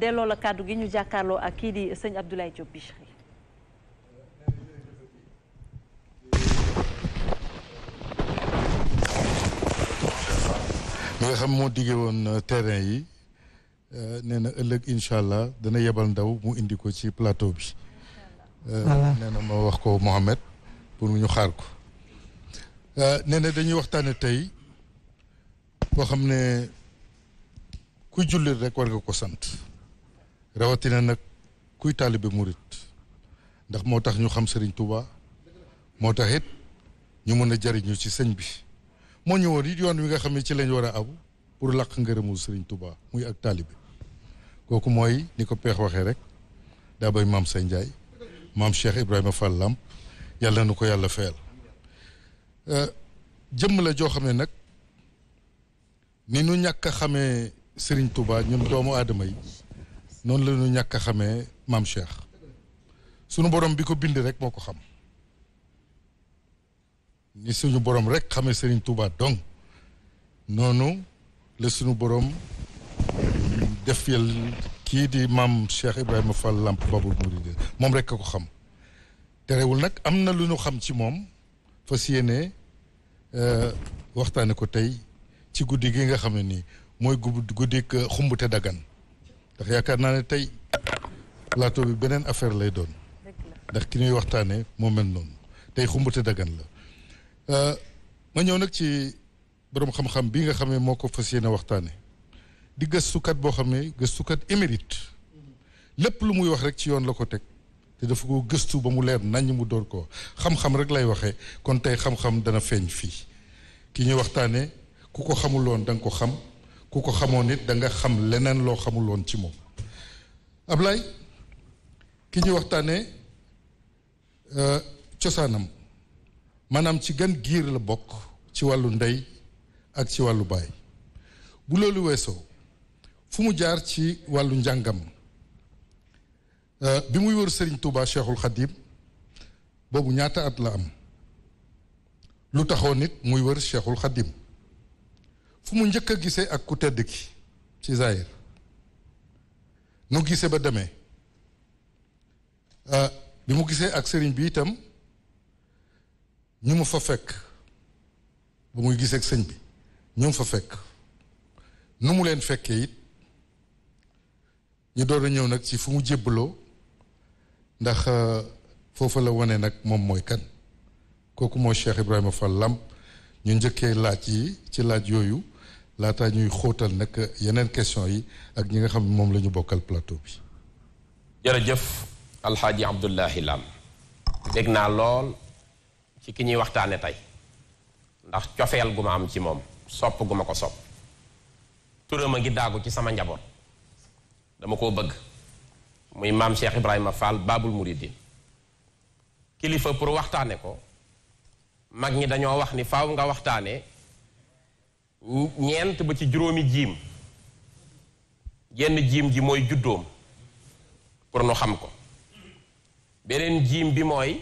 delloo la kàddu gi ñu jàkkaarloo ak kii di sëñ Abdoulaye Diop Bichri mi xam moo diggee woon euh, terrain yi euh, nee na ëllëg incha allah dana yebal ndaw mu indi ko ci plateau bi euh, nee na ma wax ko Mohamed pour ñu xaar ko nee na dañuy waxtaane tey boo xam ne ku jullit rek war nga ko sant rawatina nag kuy taalibe murit ndax moo tax ñu xam sëriñ Touba moo tax it ñu mën a jariñu ci sëñ bi moo ñëwoon it yoon wi nga xam ne ci lañ war a abu pour làq ngërëmul sëriñ Touba muy ak taalibe kooku mooy ni ko peex waxee rek daa maam say Ndiaye maam Cheikh Ibrahima Fall Lamp yàlla nu ko yàlla fayal euh, jëmm la joo xam ne nag ni nu ñàkk a xamee sëriñ tubaa ñun doomu aadama yi noonu la ñàkk a xamee maam Cheikh sunu borom bi ko bind rek moo ko xam ni suñu borom rek xamee Serigne Touba donc noonu la sunu borom def yal kii di maam Cheikh Ibrahima Fall Lamp Babul Mouride moom rek a ko xam terewul nag am na lu ñu xam ci moom fas yéene euh, waxtaane ko tey ci guddi gi nga xam ne nii mooy guddi guddi xumbute dagan ndax yaakaar naa ne tey laato bi beneen affaire lay doon ndax ki ñuy waxtaanee moo mel noonu tey xumbute dagan la euh, ma ñëw nag ci boroom xam-xam bi nga xam moo ko fas yéene waxtaane di gëstukat boo xam ne gëstukat émérite lépp lu muy wax rek ci yoon la ko teg te dafa ko gëstu ba mu leer naññ mu door ko xam-xam rek lay waxee kon tey xam-xam dana feeñ fii ki ñuy waxtaane ku ko xamuloon da nga ko xam ku ko xamoon it da nga xam leneen loo xamul woon ci moom ablay ki ñu waxtaanee euh, cosaanam maanaam ci gan giir la bokk ci wàllu ndey ak ci wàllu baay bu loolu weesoo fu mu jaar ci wàllu njàngam euh, bi muy wër Serigne Touba Cheikhul Khadim boobu ñaata at la am lu nit muy wër Cheikhul Khadim fu mu njëkk a gisee ak ku tedd ki ci Zahir nu gisee ba demee euh, bi mu gisee ak sëriñ bi itam ñu mu fa fekk bu muy gisee ak sëñ bi ñu mu fa fekk nu mu leen fekkee it ñu doon a ñëw nag ci fu mu jébbaloo ndax euh, foofu la wane nag moom mooy kan kooku moo Cheikh Ibrahima Fall Lamp ñu njëkkee laaj yi ci laaj yooyu laataa ñuy xóotal nag yeneen question yi ak ñi nga xam moom la ñu bokkal plateau bi jërëjëf alxaaji abdullahi lam dégg naa lool ci ki ñuy waxtaane tey ndax cofeel gu ma am ci moom sopp gu ma ko sopp turam a ngi daagu ci sama njaboot dama koo bëgg muy maam Cheikh Ibrahima Fall baabul muridin kilifa pour waxtaane ko mag ñi dañoo wax ni faaw nga waxtaane ñeent ba ci juróomi jiim genn jiim ji mooy juddoom pour nu xam ko beneen jiim bi mooy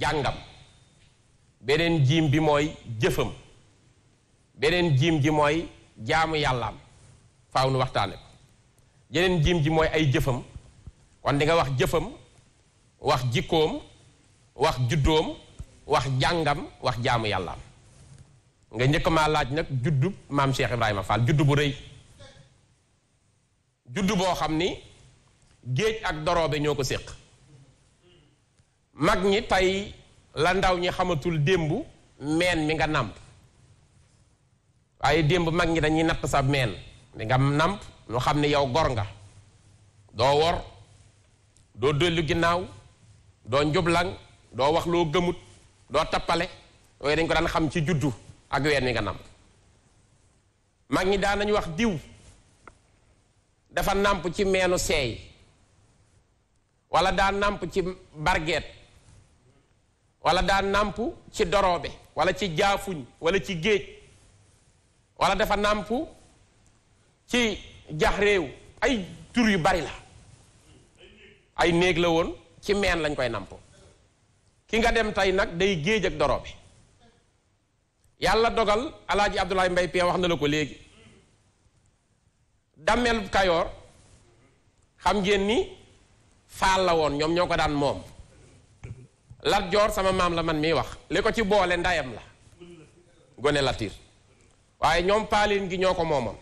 jàngam beneen jiim bi mooy jëfam beneen jiim ji mooy jaamu yàllaam faaw nu waxtaane ko jeneen jiim ji mooy ay jëfam kon dinga wax jëfam wax jikkoom wax juddoom wax jàngam wax jaamu yàllaam nga njëkk ma laaj nag juddu maam Cheikh Ibrahima Fall juddu bu rëy juddu boo xam ni géej ak doroobe ñoo ko séq mag ñi tey la ndaw ñi xamatul démb meen mi nga nàmp waaye démb mag ñi dañuy naq sa meen mi nga nàmp nu xam ne yow gor nga doo wor doo dollu ginnaaw doo njublang doo wax loo gëmut doo tappale yooyu dañ ko daan xam ci juddu ak weer mi nga nàmp mag ñi daan nañu wax diw dafa nàmp ci meenu seey walla daa nàmp ci barget wala daa nàmp ci doroobe walla ci jaafuñ walla ci géej wala dafa nàmp ci jax réew ay tur yu bari la ay néeg la woon ci meen lañ koy nàmp ki nga dem tey nag day géej ak doroobe yàlla dogal alaaji Abdoulaye Mbaye Pee wax na la ko léegi dammel Kayoor xam ngeen ni faal la woon ñoom ñoo ko daan moom Lat sama maam la man miy wax li ko ci boole ndayam la gone Latiir waaye ñoom paalin gi ñoo ko moomoon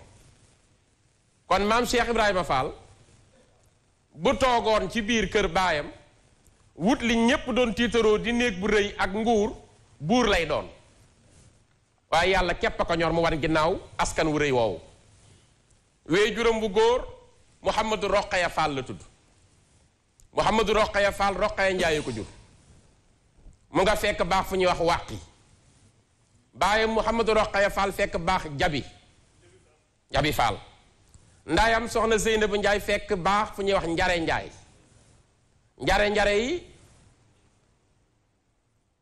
kon maam Cheikh Ibrahima Fall bu toogoon ci biir kër baayam wut li ñépp doon tiitaroo di néeg bu rëy ak nguur buur lay doon waaye yàlla képp a ko ñor mu war ginnaaw askan wu rëy woowu wéy juróom bu góor Mouhamadou Roqaya Fall la tudd Mouhamadou Roqaya Fall Roqaya Ndiaye ko jur mu nga fekk baax fu ñuy wax wàqi baaye Mouhamadou Roqaya Fall fekk baax jabi jabi Fall ndaayam soxna bu Ndiaye fekk baax fu ñuy wax njare Ndiaye njare njare yi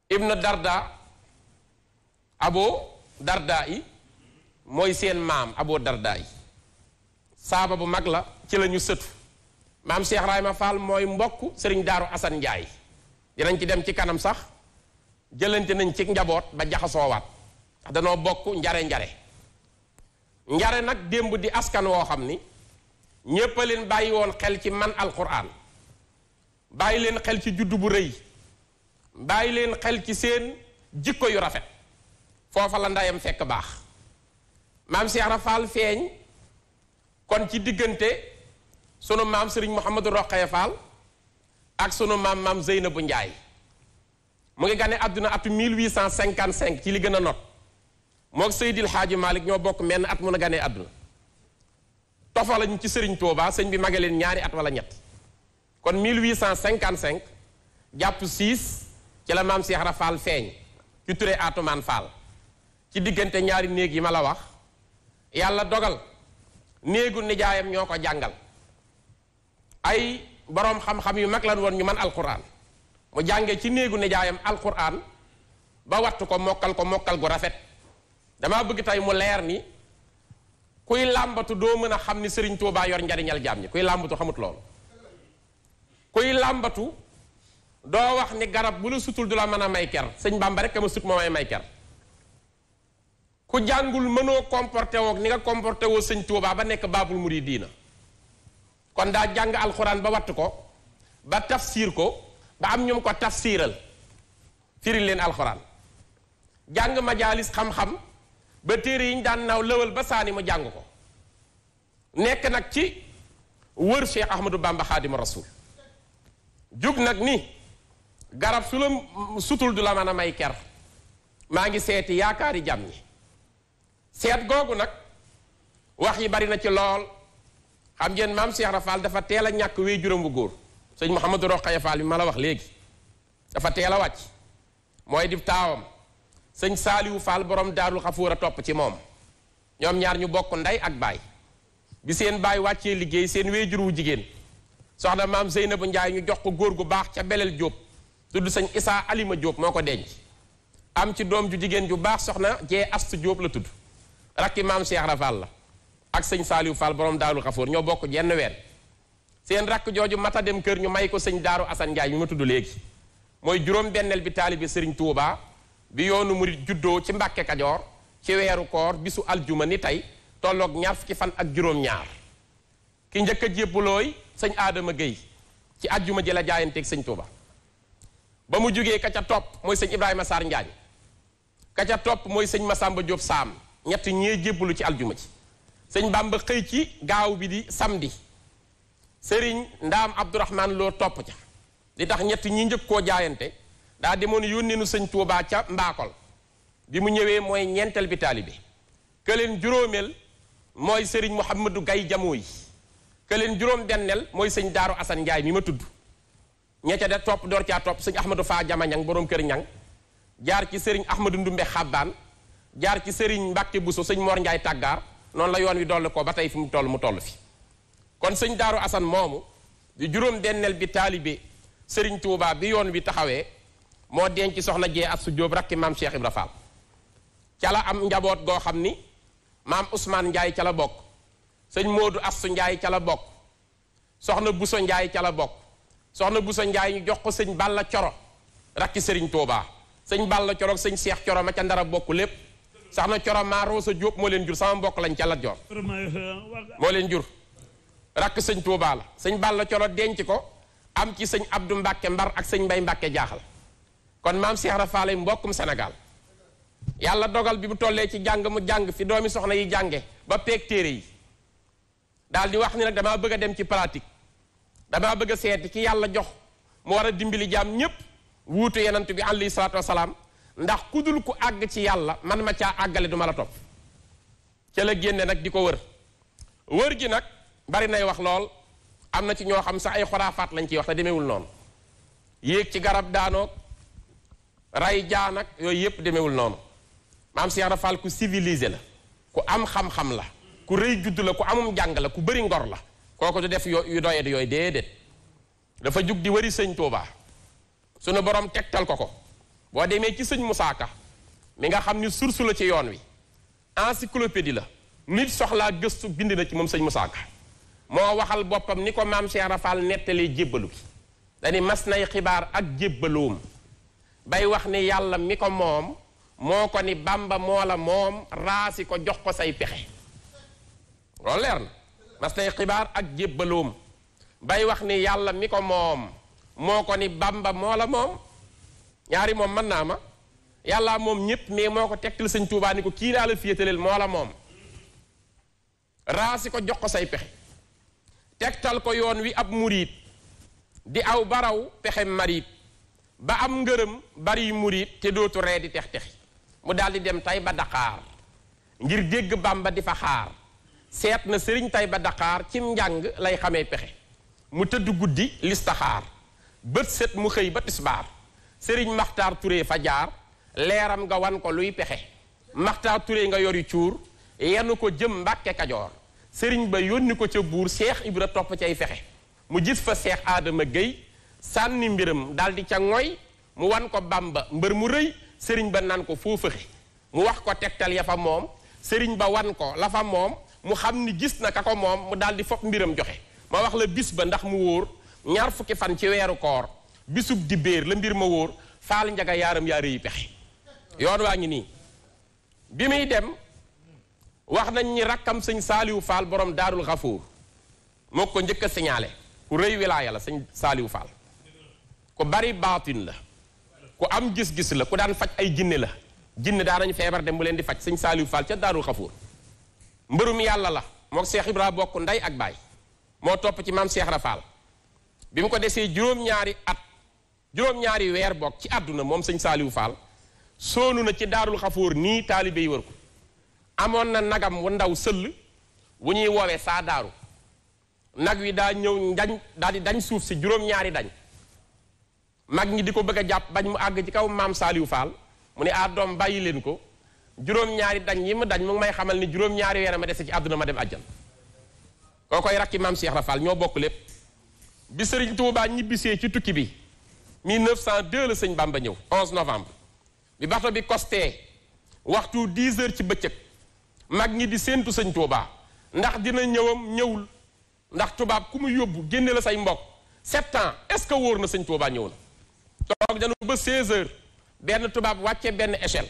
ibnu Darda abo Dardai, yi mooy seen maam aboo darda saaba bu mag la ci la ñu sëtu maam Cheikh Rahima Fall mooy mbokk sëriñ daaru Assane Ndiaye dinañ ci dem ci kanam sax jëlante nañ ci njaboot ba jaxasoowaat danoo bokk njare njare njare nag démb di askan woo xam ni Nyepelin a leen bàyyi xel ci man alquran bàyyi leen xel ci juddu bu rëy bàyyi leen xel ci seen jikko yu rafet foofa la ndayam fekk baax maam Cheikh Ibra Fall feeñ kon ci diggante sunu maam Serigne Mouhamadou Rokhaya Fall ak sunu maam maam bu Njaay mu ngi gane àdduna atu 1855 ci li gën a not moog Seydil Xaaji Malick ñoo bokk menn at mun a ganee àdduna ci Serigne Touba sëñ bi mage leen ñaari at wala ñett kon 1855 jàpp 6 ci la maam Cheikh Ibra Fall feeñ ci ture Atoumane Fall ci digënté ñaari neeg yi mala wax yàlla dogal neegu nijaayam ñoo ko jàngal ay borom xam-xam yu mag lan woon ñu man alquran mu jàngee ci neegu nijaayam alquran ba tu ko mokkal ko mokkal gu rafet dama bëgg tay mu leer ni kuy làmbatu doo mën a xam ni sëriñ tuubaa yor njariñal jaam ñi kuy làmbatu xamut lool kuy làmbatu doo wax ni garab bu la sutul du la mën a may ker sëñ bàmba rek ma sut moo may ker ku jangul mënoo comporté wok ni nga comporté wo seigne touba ba nek babul muridiina kon da jang alcorane ba wat ko ba tafsir ko ba am ñum ko tafsiral firi len alcorane jang majalis xam-xam ba téré yi ñu naw naaw ba saani mu jang ko nek nak ci wër Cheikh Ahmadou Bamba khadim rasoul juk nak ni garab sulum sutul du la mana may ker ma ngi seeti yaakaari jamni seet googu nag wax yi bari na ci lool xam ngeen maam Cheikh Rafal dafa teel a ñàkk wéy juróom góor sëñ Mouhamadou Rokhaya Fall bi ma la wax léegi dafa teel a wàcc mooy di taawam sëñ Saaliwu Fall borom daarul xafuur a topp ci moom ñoom ñaar ñu bokk ndey ak baay bi seen baay wàccee liggéey seen wéyjur wu jigéen soxna maam Zeynabu Njaay ñu jox ko góor gu baax ca Belel Jóob tudd sëñ Isaa Alima Jóob moo ko denc am ci doom ju jigéen ju baax soxna jee Astu Jóob la tudd rakki maam Cheikh Rafal la ak sëñ Saliou Fall boroom daalu Xafoor ñoo bokk jenn weer seen rakk jooju mata dem kër ñu may ko sëñ Daaru Assane Ndiaye mi ma tudd léegi mooy juróom-benneel bi taalibi sëriñ Touba bi yoonu murit juddoo ci mbakke Kajoor ci weeru koor bisu aljuma ni tey tolloog ñaar ci fan ak juróom-ñaar ki njëkk a jébbalooy sëñ Adama Guèye ci aljuma ji la jaayanteeg sëñ Touba ba mu jugee ka ca topp mooy sëñ Ibrahima Sarr Ndiaye ka ca topp mooy sëñ Massamba Diop Saam ñett ñee jébbalu ci aljuma ci sëñ Bamba xëy ci gaaw bi di samdi sëriñ ndaam Abdourahman loo topp ca li tax ñett ñi njëkk koo jaayante daa demoon yónneenu sëñ Tuubaa ca mbaakol bi mu ñëwee mooy ñeenteel bi taalibe këleen juróomeel mooy sëriñ Mouhamadou Gay jamo yi këleen juróom benneel mooy sëñ Daaru Asan Njaay mi ma tudd ña de topp door caa topp sëñ Ahmadou Faa Jama Ñang boroom kër Ñang jaar ci sëriñ Ahmadou Ndumbe Xabbaan jaar ci Serigne Mbacke Bousso sëñ moor Ndiaye tàggaar noonu la yoon wi dolli ko ba tey fi mu toll mu toll fi kon sëñ Daaru Assane moomu di juróom benneel bi taalibe Serigne Touba bi yoon wi taxawee moo denc soxna jee at su Jóob rakki maam Cheikh Ibra Fall ca la am njaboot goo xam ni maam Ousmane Ndiaye ca la bokk sëñ Modou Assu ca la bokk soxna Bousso Ndiaye ca la bokk soxna Bousso Ndiaye ñu jox ko sëñ Balla Coro rakki Serigne Touba sëñ Balla Coro sëñ Cheikh Coro ma ca ndara bokk lépp soxna Coro maro sa Jóob mo len jur sama mbokk lañ ca la jor mo len jur rak señ Tuubaa la sëñ la Coro denc ko am ci señ Abdou Mbàkke Mbar ak señ Mbay jaxal kon mam Cheikh rafale mbokum Senegal yalla dogal bi mu tolle ci jang mu jang fi domi soxna yi jànge ba pek téere yi dal di wax ni nak dama bëgg dem ci pratique dama bëgg sét ki yalla jox mu wara dimbali jam jaam wutu yenen tu bi alayhi salaatu wasallam ndax ku dul ku àgg ci yàlla man ma caa àggale du ma la topp ca la génne nag di ko wër wër ji nag bari nay wax lool am na ci ñoo xam sax ay xoraafaat lañ ciy wax te demewul noonu yéeg ci garab daanoog ray jaan ak yooyu yépp demewul noonu maam Cheikh Ibra ku civilisé la ku am xam-xam la ku rëy judd la ku amum jàng la ku bëri ngor la kooku du def yu doyet yooyu déedéet dafa jug di wari sëñ Tuubaa sunu borom tegtal ko ko boo demee ci sëñ Moussa Ka nga xam ni source la ci yoon wi encyclopédie la nit soxlaa gëstu bind na ci moom sëñ Moussa Ka moo waxal boppam ni ko maam Cheikh Rafal nettalee jébbalu bi dani mas nay xibaar ak jébbaloom bay wax ni yàlla mi ko moom moo ko ni bamba moo moom raasi ko jox ko say pexe loolu ak jébbaloom bay wax ni yàlla mi moom moo ko ni bamba moo la moom ñaari moom mën naa ma yàlla moom ñëpp mais moo ko tegtal sëñ tuubaani ko kii laa la féetaleel moo la moom raasi ko jox ko say pexe tegtal ko yoon wi ab muriit di aw baraw pexe mariit ba am ngërëm bari muriit te dootu ree di tex texi mu daldi dem tay ba daqaar ngir dégg ba di fa xaar seet na sëriñ tay ba daqaar cim njàng lay xamee pexe mu tëdd guddi listaxaar bët set mu xëy ba tisbaar Serigne Makhtar Touré fa jaar leeram nga wan ko luy pexe Makhtar Touré nga yori cuur yenn ko jëm Mbàkke Kajoor Serigne ba yónni ko ca buur Cheikh Ibra topp cay fexe mu gis fa Cheikh aadama Guèye sànni mbiram daal di ca ngoy mu wan ko Bamba mbër mu rëy sëriñ ba nan ko foo fexe mu wax ko tegtal ya fa moom Serigne ba wan ko la fa moom mu xam ni gis na ka ko moom mu daal di fopp mbiram joxe ma wax la bis ba ndax mu wóor ñaar fukki fan ci weeru koor bisub di beer lembir mbir ma wóor faal njaga yaram yaare yi pexe yoon waa ngi bi dem wax nañ ñi rakam sëñ saaliwu fal borom darul xafuur moko ko njëkk a signalé ku rëy wilaaya la sëñ ko ku bari batin la ku am gis-gis la ku daan ay jinne la jinne daran nañ febar dem bu di fat sëñ saaliwu fal ca darul xafuur mbërum yàlla la mok Cheikh Ibra bokk ndey ak bay moo topp ci mam Cheikh rafal bimu ko juroom ñaari at juróom-ñaari weer bokk ci àdduna moom sëñ Saaliwu Fall soonu na ci daarul xafóor nii taalibe yi wër ko amoon na nagam wu ndaw sëll wu ñuy woowee saa daaru nag wi daa ñëw dañ daal di dañ suuf si juróom-ñaari dañ mag ñi di ko bëgg jàpp bañ mu àgg ci kaw maam Saaliwu Fall mu ne ah doom bàyyi leen ko juróom-ñaari dañ yi mu dañ mu may xamal ni juróom-ñaari weer ma dese ci àdduna ma dem àjjan koo koy rakki maam Cheikh Rafal ñoo bokk lépp bi sëriñ Tuubaa ci tukki bi 1902 le sëñ Bamba 11 novembre bi bato bi costee waxtu 10 h ci bëccëg mag ñi di sentu sëñ Touba ndax dina ñëwam ñëwul ndax tubaab ku mu yóbbu génne la say mbokk sept ans est-ce que woor na sëñ Touba ñëw na. toog danu ba 16 h benn tubaab wàcce ben échelle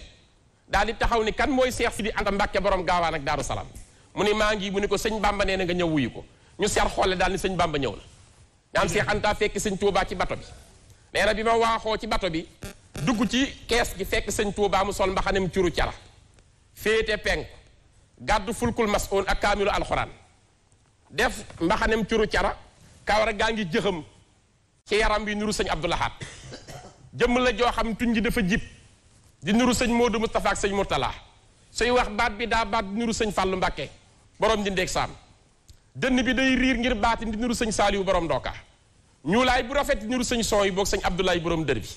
dal di taxaw ni kan moy Cheikh Sidi Anta Mbàkke borom gaawaan ak Daru Salam mu ni maa ngi mu ni ko sëñ Bamba nee nga ñëw wuyu ko ñu seet xoole daal ni sëñ Bamba ñëw na. daan Seex Anta fekk sëñ Touba ci bato bi. nee na bi ma waaxoo ci bato bi dugg ci caisse gi fekk seigne touba mu sol mbaxanam ciuru cara fete peng gaddu fulkul mas'un ak kamilu alquran def mbaxanam ciuru cara kawar gangi ngi ci yaram bi nuru abdullah hat jëm la jo xam tunji dafa jip di nuru seigne Modou mustafa ak seigne murtala suy wax baat bi da baat nuru seigne fallu borom di sam den bi day rir ngir baati di nuru seigne saliw borom ndoka ñuulaay bu rafet di nuru sëñ son yi boog sëñ Abdoulaye borom dër bi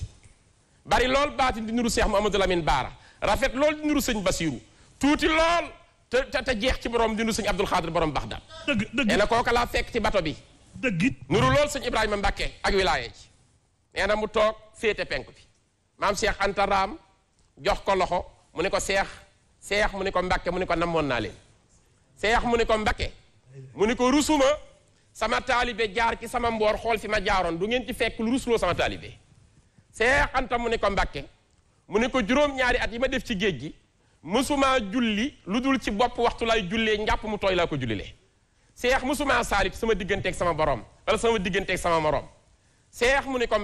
bari lool baatin di nuru Seex Muhammadu Lamin Baara rafet lool di nuru sëñ Basiiru tuuti lool te te jeex ci borom di nuru sëñ Abdul Xaadir borom Baxdaad. dëgg dëgg na kooka laa fekk ci bato bi. dëgg nuru lool sëñ Ibrahima Mbacke ak wilaaye ji nee na mu toog féete penk bi maam Seex antaraam jox ko loxo mu ne ko seex seex mu ne ko Mbacke mu ne ko namoon naa leen mu ne ko mu ne ko rusuma. sama taalibe jaar ci sama mboor xool fi ma jaaroon du ngeen ci fekk lu rusloo sama taalibe Seex Anta mu ne ko Mbàkke mu ne ko juróom at yi ma def ci géej gi mësumaa julli lu dul ci bopp waxtu lay jullee njàpp mu tooy laa ko jullilee seex mësumaa saalib sama digganteeg sama borom sama digganteeg sama morom seex mu ne ko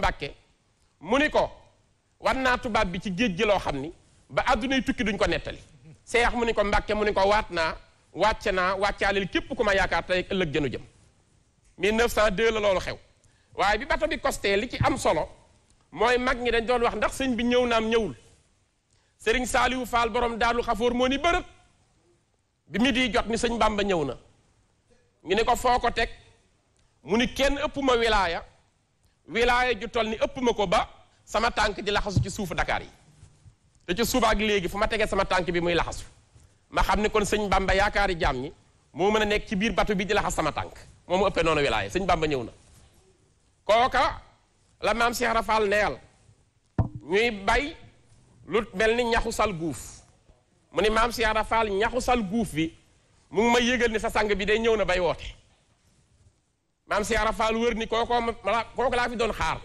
mu ni ko war naa tubaab bi ci géej gi loo xam ni ba àddunay tukki duñ ko nettali seex mu ni ko Mbàkke mu ni ko waat naa wàcce naa wàccaaleel képp ku ma yaakaar tey ëllëg jënu jëm 1902 la lolu xew waye bi bato bi costé li ci am solo moy mag ñi dañ doon wax ndax sëñ bi ñëw naam ñëwul sëriñ Saaliwu fall borom daalu xafoor mo ni beurep bi midi jot ni sëñ Bàmba ñewna ñu ne ko foko tek mu ni kenn ëppuma wilaya wilaya ju toll ni ëppuma ko ba sama tànk di laxasu ci suufu Dakar yi te ci suuba ak legi fu ma tegee sama tànk bi muy laxasu ma xamni kon sëñ Bàmba yaakaari jaam ñi moo mën a ci biir bato bi di laxas sama tànk moom mu ëppee noonu wilaaya sëñ Bamba ñëw na kooka la maam Cheikh Rafal neyal ñuy bay lu mel ni ñaxu sal guuf mu ni maam Cheikh Rafal ñaxu sal guuf bi mu ngi may yëgal ni sa sang bi day ñëw na bay woote maam Cheikh Rafal wër ni kooko ma kooku laa fi doon xaar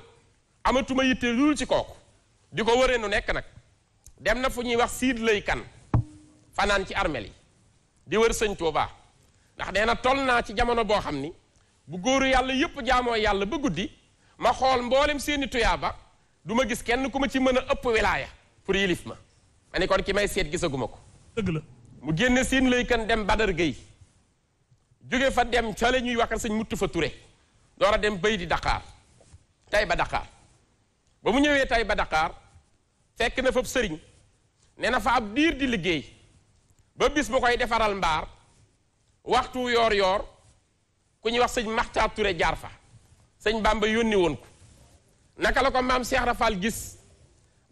amatuma yitte lul ci kooku di ko wëree nu nekk nag dem na fu ñuy wax siit lay kan fanaan ci armeel yi di wër sëñ Tuubaa ndax nee na toll naa ci jamono boo xam ni bu góoru yàlla yépp jaamoo yàlla ba guddi ma xool mboolem seeni tuyaaba du ma gis kenn ku ma ci mën a ëpp wilaaya pour yilif ma ma ki may seet gisaguma ko dëgg la mu génne siin lay kan dem Badar Gueye jóge fa dem ca ñuy waxal sëñ muttu fa ture door a dem bay di daqaar tay ba Dakar ba mu ñëwee tay ba daqaar fekk na fa sëriñ nee na fa ab diir di liggéey ba bis mu koy defaral mbaar waxtu yoor yoor ku ñuy wax sëñ Maxtaar Ture jaar fa sëñ Bamba yónni woon ko naka la ko maam Cheikh Rafal gis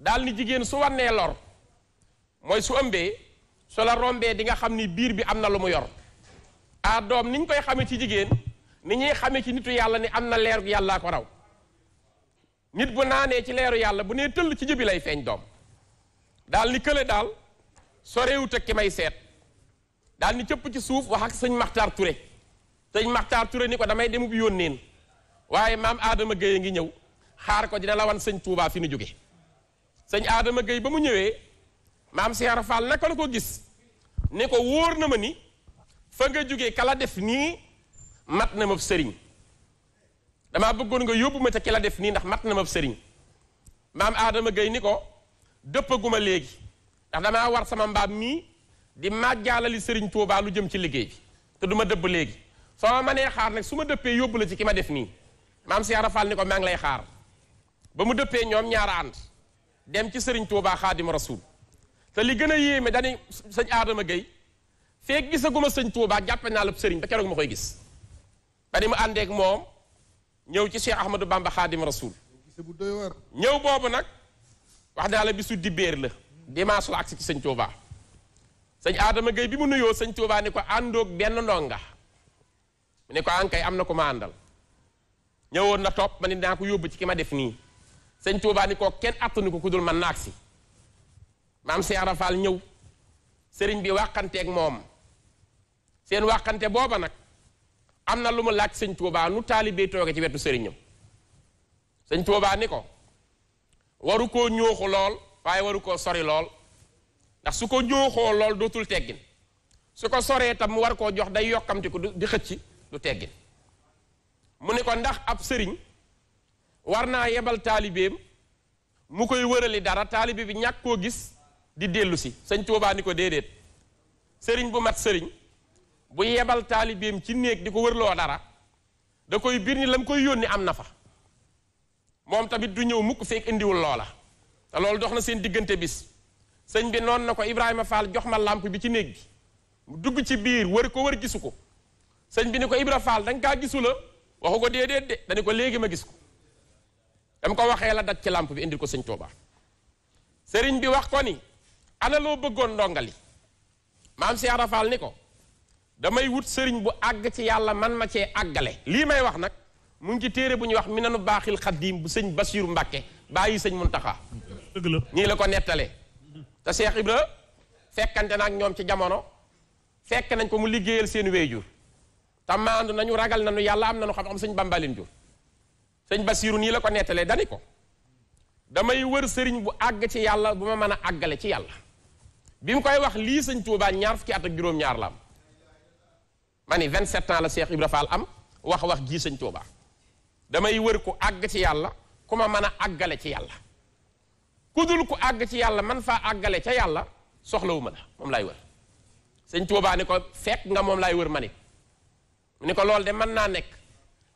daal ni jigéen su wannee lor mooy su ëmbee su la rombee di nga xam ni biir bi am na lu mu yor a doom koy xamee ci jigéen ni ñuy xamee ci nitu yàlla ni am na leeru yàllaa ko raw nit bu naanee ci leeru yàlla bu nee tëll ci jëbi lay feeñ doom daal ni kële daal sorewut ak ki may seet daal ni cëpp ci suuf wax ak sëñ Maxtaar Touré sëñ Maxtaar Touré ni ko damay demub yónneen waaye maam Adama a ngi ñëw xaar ko dina la wan sëñ Touba fi nu jóge sëñ Adama Gueye ba mu ñëwee maam Cheikh Fall naka la ko gis ne ko wóor na ma ni fa nga jóge kala def nii mat na ma sëriñ damaa bëggoon nga yóbbu ma ca ki la def nii ndax mat na ma sëriñ maam Adama Gueye ni ko dëppaguma léegi ndax damaa war sama mbaam mii di màggaalali Serigne Touba lu jëm ci liggéey bi te du ma dëbb léegi soo ma mënee xaar nag su ma dëppee yóbbu la ci ki ma def nii maam Cheikh Fall ni ko maa lay xaar ba mu dëppee ñoom ñaara ànd dem ci Serigne Touba Xaadim Rasul te li gën a yéeme dañuy sëñ Adama Gueye feeg gisaguma sëñ Touba jàppe naa la Serigne ba keroog ma koy gis ba ni mu àndeek moom ñëw ci Cheikh Ahmadou Bamba Xaadim Rasul ñëw boobu nag wax naa la bisu dibéer la dimanche la agsi ci sëñ Touba. sëñ Adama Gueye bi mu nuyoo sëñ Touba ni ko àndoog benn ndonga mu ne ko ankay am na ko ma àndal ñëwoon na topp ma ni naa ko yóbbu ci ki ma def nii sëñ Touba ni ko kenn attanu ko ku dul man naag si maam Cheikh Rafal ñëw sëriñ bi waxanteeg moom seen waxante booba nag am na lu mu laaj sëñ Touba nu taalibee tooge ci wetu sëriñam sëñ Touba ni ko waru koo ñooxu lool waaye waru koo sori lool ndax su ko jooxoo lool dootul teggin su ko soree tam mu war koo jox day yokkamti ko di xëcc du teggin mu ne ko ndax ab sëriñ war naa yebal taalibeem mu koy wërali dara taalibe bi ñàkk koo gis di dellusi si sëñ Tuubaa ni ko déedéet sëriñ bu mat sëriñ bu yebal taalibeem ci néeg di ko wërloo dara da koy bir ni la mu koy yónni am na fa moom tamit du ñëw mukk fekk indiwul loola te loolu dox na seen diggante bis sëñ bi noonu na ko Ibrahima Fall jox ma làmp bi ci néeg bi mu dugg ci biir wër ko wër gisu ko sëñ bi ni ko Ibra Fall da kaa gisu la waxu ko déedéet de dañu ko léegi ma gis ko ko waxee la daj ci làmp bi indil ko sëñ sëriñ bi wax ko ni ana loo bëggoon ndongali maam si Arafaal ni ko damay wut sëriñ bu àgg ci yàlla man ma cee àggale lii may wax nag mu ngi ci téere bu ñu wax mi nanu baaxil xaddiim bu sëñ Basiiru Mbàkke bàyyi sëñ Muntaxa dëgg la ñii la ko nettalee te Cheikh Ibra fekkante ak ñoom ci jamono fekk nañ ko mu liggéeyal seen wéyjur te maandu nañu ragal nañu yàlla am nañu xam-xam sëñ bambalin jur sëñ Basiiru nii la ko nettalee dani ko damay wër sëriñ bu àgg ci yàlla bu ma mën a àggale ci yàlla bi mu koy wax lii sëñ Tuubaa ñaar fukki at ak juróom-ñaar la am ma ni 27 ans la Cheikh Ibra Fall am wax wax jii sañ Tuubaa damay wër ku àgg ci yàlla ku ma mën a àggale ci yàlla ku dul ku àgg ci yàlla man faa àggale ca yàlla soxlawuma la moom laay wër sëñ Tuubaa ni ko fekk nga moom laay wër ma mu ni ko loolu de man naa nekk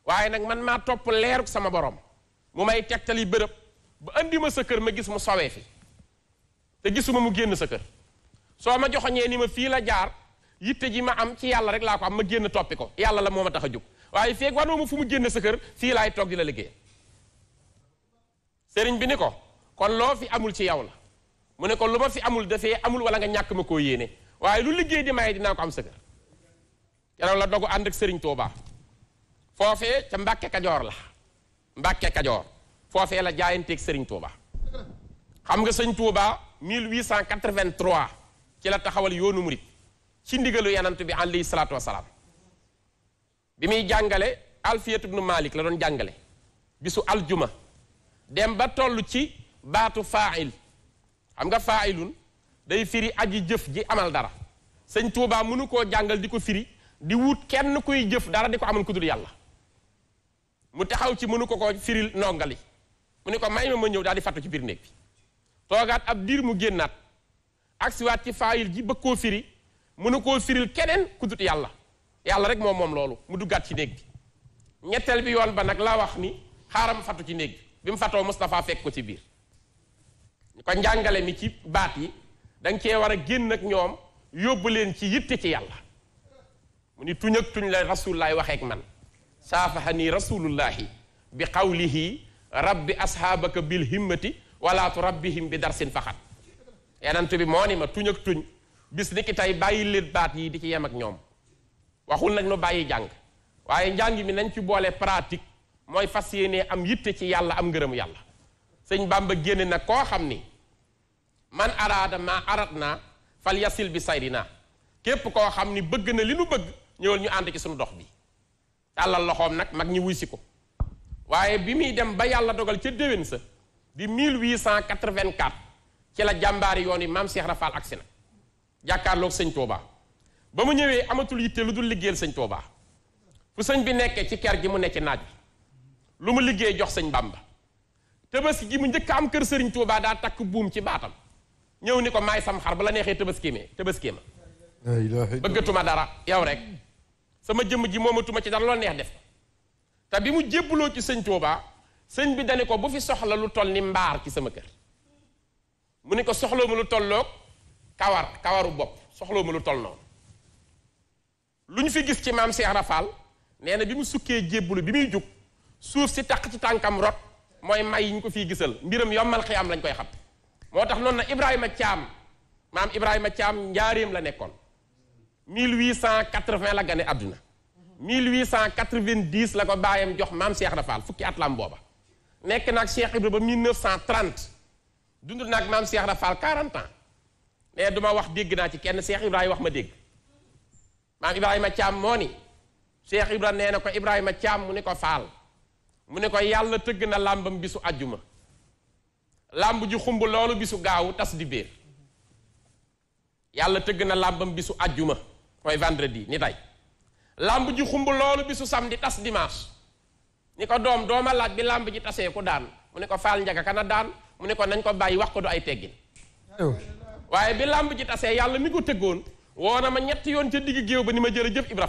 waaye nag man maa topp leeruk sama boroom mu may tegtali bërëb ba andi ma sa kër ma gis mu sowee fi te gisuma mu génn sa kër soo ma joxoñee ni ma fii la jaar yitte ji ma am ci yàlla rek laa ko am ma génn toppi ko yàlla la moo ma tax a jóg waaye feeg wanoo ma fu mu génn sa kër fii laay toog di la liggéey bi ni ko kon lo fi amul ci yow la mu ne ko lu fi amul dafé amul wala nga ñak ma ko yéene waye lu liggéey di may dina ko am sa kër la dogu and ak sëriñ toba fofé ca Mbàkke Kajoor la Mbàkke Kajoor fofé la ak sëriñ toba xam nga sëñ toba 1883 ci la taxawal yoonu murit ci ndigalu yanant bi alayhi salaatu wassalam. bi mi jangalé Alfiyat ibn Malik la doon jangalé bisu aljuma dem ba tollu ci baatu faail xam nga faailun day firi aji jëf ji amal dara sëñ Tuubaa mënu koo jàngal di ko firi di wut kenn kuy jëf dara di ko amal ku yàlla mu taxaw ci mënu ko ko firil ndongali mu ne ko may ma ma ñëw daal di fàttu ci biir néeg bi toogaat ab diir mu génnaat agsiwaat ci faayil ji bëgg koo firi mënu koo firil keneen ku yàlla yàlla rek moom moom loolu mu duggaat ci néeg bi ñetteel bi yoon ba nag la wax ni mu fàttu ci néeg bi bi mu fàttoo Moustapha fekk ko ci biir kon njàngale mi ci baat yi dang ci wara genn yo ak ñoom yóbbu len ci yitte ci yalla mu ni tuñ ak tuñ la rasulullahi ak man safahani rasulullah bi qawlihi rabbi ashabaka bil himmati wala turabbihim bi darsin fakhat yenantu bi moni ma tuñ ak tuñ bis ni ki tey bàyyi baat yi di ci yam ak ñoom waxul nak no bayyi jang waye jang mi nañ ci boole pratique moy fasiyene am yitte ci yalla am yalla sëñ bamba génné na ko xamni man arada ma arat fal yasil bi sayrina képp koo xam ni bëgg na li nu bëgg ñëwal ñu ànd ci suñu dox bi tàllal loxoom nag mag ñi wuy ko waaye bi muy dem ba yàlla dogal ca déwén sa di 1884 ci la jàmbaari yoon yi maam Cheikh Rafal agsi na jàkkaarloog sëñ Touba ba mu ñëwee amatul yitte lu dul liggéeyal sëñ Touba fu sëñ bi nekkee ci ker gi mu ne ci naaj bi lu mu liggéey jox sëñ Bamba tabaski gi mu njëkk am kër sëriñ Touba daa takk buum ci baatam ñëw ni ko may sam xar ba la neexee tabaski mee tabaski ma bëggatuma dara yow rek sama jëmm ji moomatuma ci dara loolu neex def te bi mu jébbaloo ci sëñ sëñ bi dani ko bu fi soxla lu toll ni mbaar ci sama kër mu ni ko soxloo ma lu tolloog kawar kawaru bopp soxloo ma lu toll noonu lu ñu fi gis ci maam Cheikh Rafal nee na bi mu sukkee jébbalu bi muy jóg suuf si taq ci tànkam rot mooy may yi ñu ko fii gisal mbiram yombal am lañ koy xam moo tax noon na Ibrahima Thiam maam Ibrahima Thiam njaareem la nekkoon 1880 la gane àdduna 1890 la ko baayam jox maam Cheikh Rafaal fukki at lam booba nekk nag Cheikh Ibra ba 1930 dund nag maam Cheikh Rafaal 40 ans mais du wax dégg naa ci kenn Cheikh Ibrahima wax ma dégg maam Ibrahima Thiam moo ni Cheikh Ibra nee na ko Ibrahima Thiam mu ni ko Faal. mu ne ko yàlla tëgg na làmbam bisu àjjuma làmb ju xumb loolu bisu gaawu tas di béer yàlla tëgg na làmbam bisu àjjuma mooy vendredi ni tey làmb ju xumb loolu bisu samedi tas dimanche ni ko doom dooma laaj bi làmb ji tasee ku daan mu ne ko faal njaga kana daan mu ne ko nañ ko bàyyi wax ko du ay teggin waaye bi làmb ji tasee yàlla mi ko tëggoon woona ma ñetti yoon ca digg géew ba ni ma jërëjëf Ibra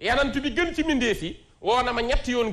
yanant bi gën ci mbindéef fi woona ma ñetti yoon